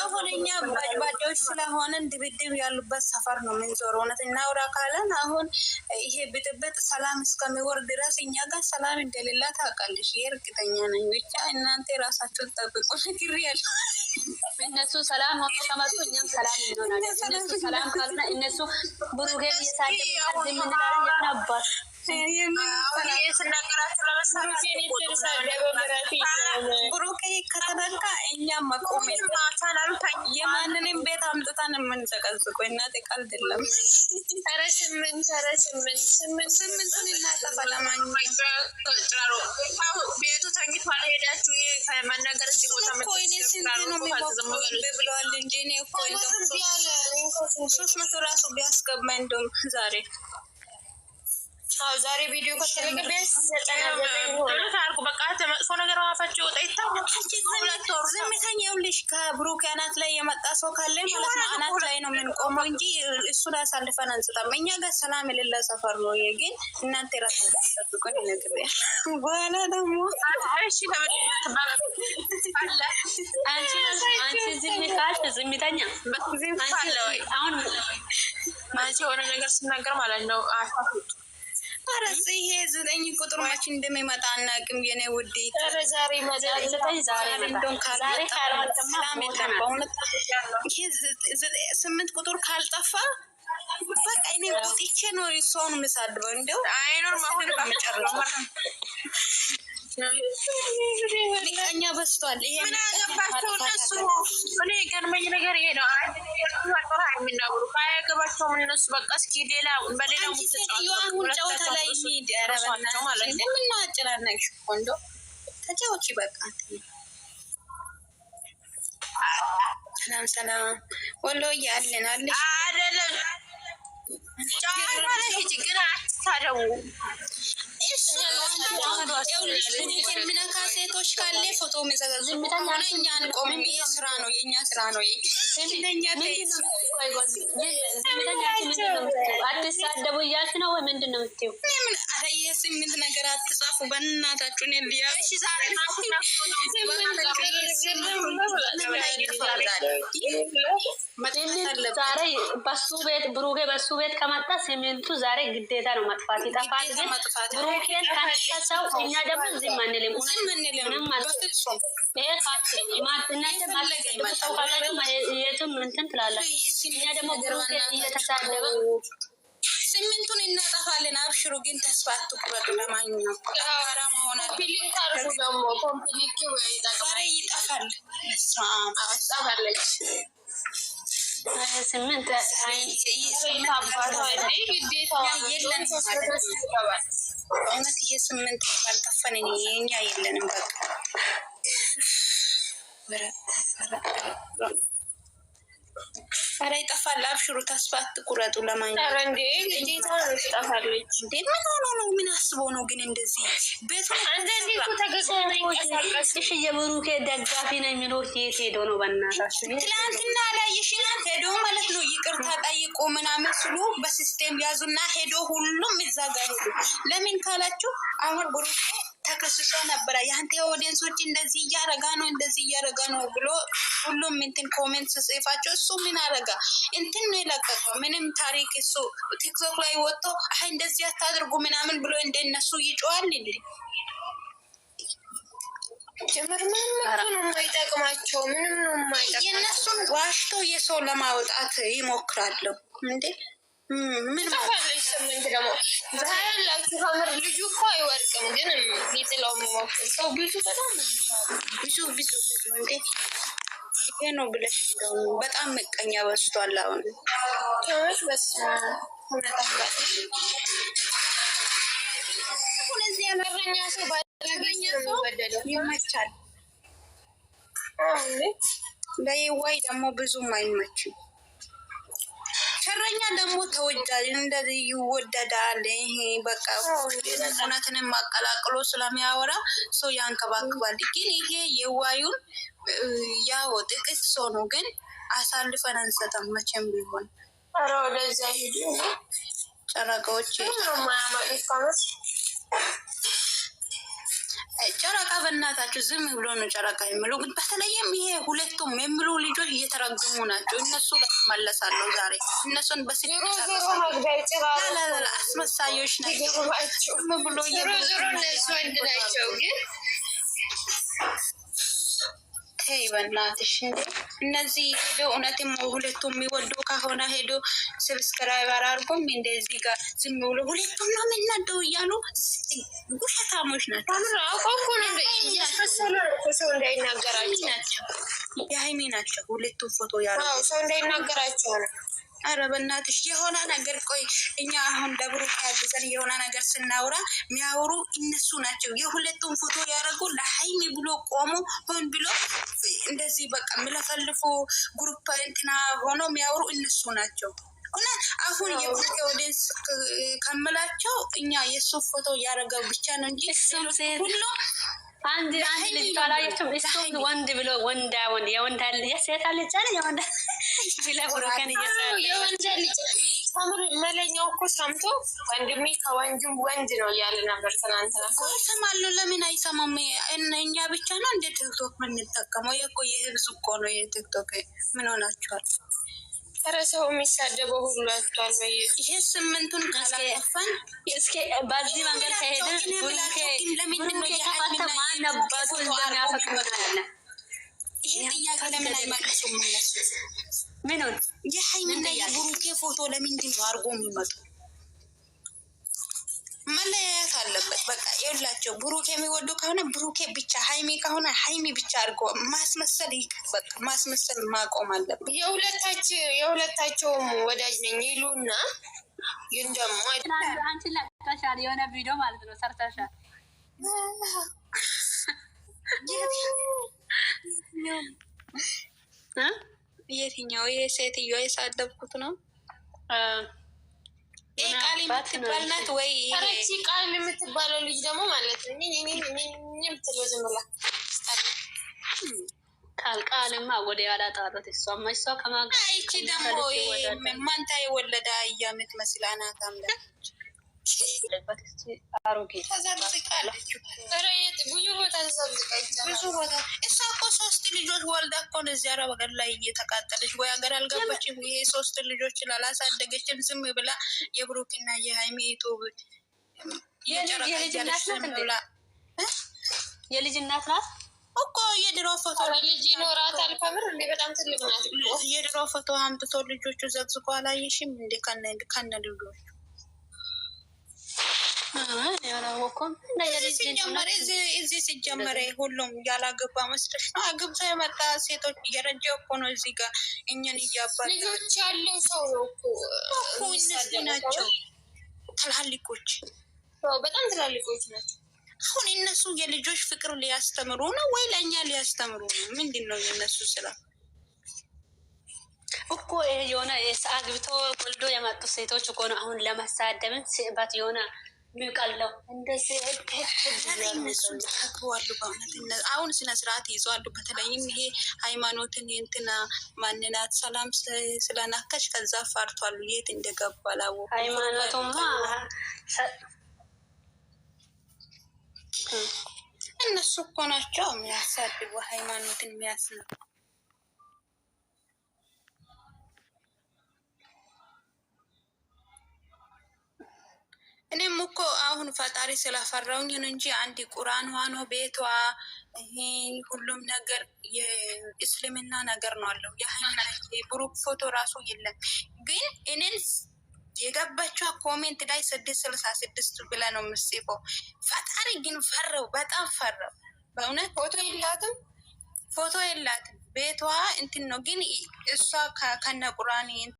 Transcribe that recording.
አሁን እኛ ባጭባጮች ስለሆነን ድብድብ ያሉበት ሰፈር ነው የምንዞረው። እውነት እናውራ ካለን አሁን ይሄ ብጥብጥ ሰላም እስከሚወርድ ድረስ እኛ ጋር ሰላም እንደሌላ ታውቃለች። ይሄ እርግጠኛ ነኝ። ብቻ እናንተ የራሳችሁን ጠብቁ። ነግር ያለ እነሱ ሰላም ሆኖ ከመጡ እኛም ሰላም ይሆናል። እነሱ ሰላም ካልሆነ እነሱ ብሩጌ እየሳደ ምንላለ ያናባል ብሩኬ ከተነካ እኛ መቆም የማንንም ቤት አምጥታን የምንዘቀዝቆ እናቴ ቀልድ የለም። ኧረ ስምንት ኧረ ስምንት ስምንት ስምንቱን እናጠፋ ለማኝ ቤቱ ተኝቷል። ሄዳችሁ ዛሬ ቪዲዮ ከተለቀቀ ቢያንስ ዘጠና በቃ መጥፎ ነገር አፋቸው ወጣ ይታወቅ። ዝምተኛ ይኸውልሽ፣ ከብሩክ አናት ላይ የመጣ ሰው ካለ ማለት ነው አናት ላይ ነው የምንቆመው እንጂ እሱ ላይ አሳልፈን አንስጣም። እኛ ጋር ሰላም የሌለ ሰፈር ነው። ግን እናንተ ራሳችሁን ይነግር በኋላ ደግሞ አንቺ ዝምታሽ ዝምተኛ አንቺ የሆነ ነገር ስናገር ማለት ነው አረስ ይሄ ዘጠኝ ቁጥር ማች እንደሚመጣ አናውቅም። የኔ ውድ ዛሬ ስምንት ቁጥር ካልጠፋ በቃ እኔ ቁጥቼ ነው ሰውን የምሳድበው። እንደው ምቀኛ በስቷል። ይሄ ምን አገባቸው እነሱ በቃ እስኪ ሌላ በሌላው የምነካ ሴቶች ካለ ፎቶ መዘጋዝ እኛን ቆም። ስራ ነው፣ የእኛ ስራ ነው። አትሳደቡ እያልሽ ነው ወይ ምንድን ነው የምትይው? ስምንት ነገር አትጻፉ በእናታችሁ። ዛሬ በሱ ቤት ብሩኬ በሱ ቤት ከመጣ ሲሚንቱ ዛሬ ግዴታ ነው መጥፋት ይጠፋል። ግን ብሩኬን ከሰው እኛ ደግሞ ዝም አንልም። ሰው ካላችሁ የትም እንትን ትላላችሁ። እኛ ደግሞ ብሩኬን እየተሳደበ ስምንቱን እናጠፋለን። አብሽሩ ግን ተስፋ አትቁረጡ። ለማንኛውም ዛሬ ይጠፋል። እውነት የስምንት አልጠፋንም። የኛ የለንም በቃ ኧረ ይጠፋል። አብሽሩ፣ ተስፋ አትቁረጡ። ለማንኛውም ምን ሆኖ ነው? ምን አስቦ ነው ግን እንደዚህ ቤቱ እንደዚህ የብሩኬ ደጋፊ ነው የሚሉት የት ሄዶ ነው? በእናታችሁ ትላንትና አላየሽም? ሄዶ ማለት ነው ይቅርታ ጠይቆ ምናምን ስሉ በሲስቴም ያዙና ሄዶ ሁሉም ይዛጋሉ። ለምን ካላችሁ አሁን ብሩኬ ተከስሶ ነበረ። የአንተ ኦዲየንሶች እንደዚህ እያረጋ ነው እንደዚህ እያረጋ ነው ብሎ ሁሉም እንትን ኮሜንት ስጽፋቸው እሱ ምን አረጋ እንትን ነው የለቀቀው። ምንም ታሪክ እሱ ቲክቶክ ላይ ወጥቶ አይ እንደዚህ አታድርጉ ምናምን ብሎ እንደነሱ ይጮዋል እንዴ? ጭምር ምንም ምንም ነው የማይጠቅማቸው። የእነሱን ዋሽቶ የሰው ለማውጣት ይሞክራለሁ እንዴ ምን ተፋለ ይሰማኝ ደግሞ አይወርቅም፣ ግን ብዙ በጣም ብዙ እንዴ ይሄ ነው ብለሽ እንደው በጣም መቀኛ በስቷል። አሁን ያመረኛ ሰው ይመቻል። ለይዋይ ደግሞ ብዙም አይመችም። ሸረኛ ደግሞ ተወዳጅ እንደዚህ ይወደዳል። ይሄ በቃ እውነትን አቀላቅሎ ስለሚያወራ ሰው ያንከባክባል። ግን ይሄ የዋዩን ያው ጥቅስ ሰው ነው፣ ግን አሳልፈን አንሰጠም መቼም ቢሆን ጨረቃዎች ጨረቃ በእናታችሁ ዝም ብሎ ነው ጨረቃ የምለው። ግን በተለይም ይሄ ሁለቱም የምሉ ልጆች እየተረግሙ ናቸው። እነሱ መለሳለሁ ዛሬ እነሱን በስል አስመሳዮች ናቸው ብሎ ናቸው ግን ተይ በእናትሽ እነዚህ ሄዶ እውነትም ሁለቱ የሚወዱ ከሆነ ሄዶ ሰብስክራይብ አድርጎም እንደዚህ ጋር ዝም ብሎ ሁለቱም ነው የሚናደው እያሉ ውሸታሞች ናቸው። እንዳይናገራቸው የሀይሚ ናቸው ሁለቱም ፎቶ ያሉ ሰው እንዳይናገራቸው ነው ኧረ በእናትሽ የሆነ ነገር ቆይ፣ እኛ አሁን ለብሩክ ያግዘን የሆነ ነገር ስናውራ የሚያወሩ እነሱ ናቸው። የሁለቱም ፎቶ ያደረጉ ለሀይሚ ብሎ ቆሙ። ሆን ብሎ እንደዚህ በቃ የሚለፈልፉ ጉሩፕ እንትና ሆኖ የሚያወሩ እነሱ ናቸው። እና አሁን የብሩክ ኦዲንስ ከምላቸው እኛ የእሱ ፎቶ ያደረገው ብቻ ነው እንጂ ሁሉ አንድ አንድ ልጅ ካላየችም እሱ ወንድ ብሎ ወንዳ ወንድ የወንዳ ልጅ ሴታ ልጅ አለ የወንዳ ተምር መለኛው እኮ ሰምቶ ወንድሜ ከወንጅም ወንድ ነው እያለ ነበር ትናንትና። እሰማለሁ። ለምን አይሰማም? እኛ ብቻ ነው እንደ ቲክቶክ የምንጠቀመው? የቆ የህብዝ እኮ ነው የቲክቶክ። ምን ሆናችኋል? ኧረ ሰው የሚሳደበው ሁሉ ያቷል። ይሄ ስምንቱን ካላጠፋን በዚህ መንገድ ከሄደ ለምንድን ነው ማነበቱ እንደሚያፈቅመናለ ይሄ ጥያቄ ለምን አይመልሱም እነሱ? ምኑን የሀይሚና የብሩኬ ፎቶ ለምንድን ነው አድርጎ የሚመጡ? መለያየት አለበት። በቃ የላቸው ብሩኬ የሚወዱ ከሆነ ብሩኬ ብቻ፣ ሀይሚ ከሆነ ሀይሚ ብቻ አድርጎ ማስመሰል በቃ ማስመሰል ማቆም አለበት። የሁለታቸው የሁለታቸውም ወዳጅ ነኝ ይሉና ግን ደግሞ አንቺ ለቅቀሻል፣ የሆነ ቪዲዮ ማለት ነው ሰርተሻል የትኛው የሴትዮዋ የሳደብኩት ነው? ቃል የምትባል ናት ወይ? ቃል የምትባለው ልጅ ደግሞ ማለት ነው ቃል ቃልማ ወደ ያላጣረት እሷ እሷ ከማጋ ይቺ ደግሞ ማንታ የወለዳ እያ የምትመስል አናት አምለች እሷ እኮ ሶስት ልጆች ወልዳ እኮ እዚህ አረብ ሀገር ላይ እየተቃጠለች ወይ ሀገር አልገባችም። ይሄ ሶስት ልጆችን አላሳደገችም። ዝም ብላ የብሩክና የሀይሚ ጡብት የልጅ እናት ናት እኮ የድሮ ፎቶ ልጅ ይኖራታል። ከምር እንዴ በጣም ትልቅ ናት። የድሮ ፎቶ አምጥቶ ልጆቹ ዘግዝቆ አላየሽም እንዴ? ከነ ልጆቹ እዚህ ሲጀመረ ሁሉም ያላገባ መስሎሽ ነው። አግብቶ የመጣ ሴቶች እየረጀ እኮ ነው እዚህ ጋር እኛን እያባል ልጆች ያለ ሰው እነሱ ናቸው ትላልቆች፣ በጣም ትላልቆች ናቸው። አሁን እነሱ የልጆች ፍቅር ሊያስተምሩ ነው ወይ ለእኛ ሊያስተምሩ ነው? ምንድን ነው የእነሱ ስራ? እኮ የሆነ አግብቶ ወልዶ የመጡ ሴቶች እኮ ነው አሁን ለመሳደብን ባት የሆነ ሚውቃለው እንደዚህ አሁን ስነ ስርዓት ይዘዋሉ። በተለይም ይሄ ሃይማኖትን እንትና ማንናት ሰላም ስለናከች ከዛ ፋርቷሉ። የት እንደገቡ አላወቁም። ሃይማኖቱማ እነሱ እኮ ናቸው የሚያሳድቡ ሃይማኖትን የሚያስነው እኔም እኮ አሁን ፈጣሪ ስለፈራውኝ እንጂ አንድ ቁርአን ሆኖ ቤቷ ይሄ ሁሉም ነገር የእስልምና ነገር ነው አለው። የሃይማኖት ብሩክ ፎቶ ራሱ የለም። ግን እኔን የገባችው ኮሜንት ላይ ስድስት ስልሳ ስድስት ብለ ነው የምጽፈው። ፈጣሪ ግን ፈረው፣ በጣም ፈረው በእውነት ፎቶ የላትም፣ ፎቶ የላትም። ቤቷ እንትን ነው ግን እሷ ከነ ቁርአን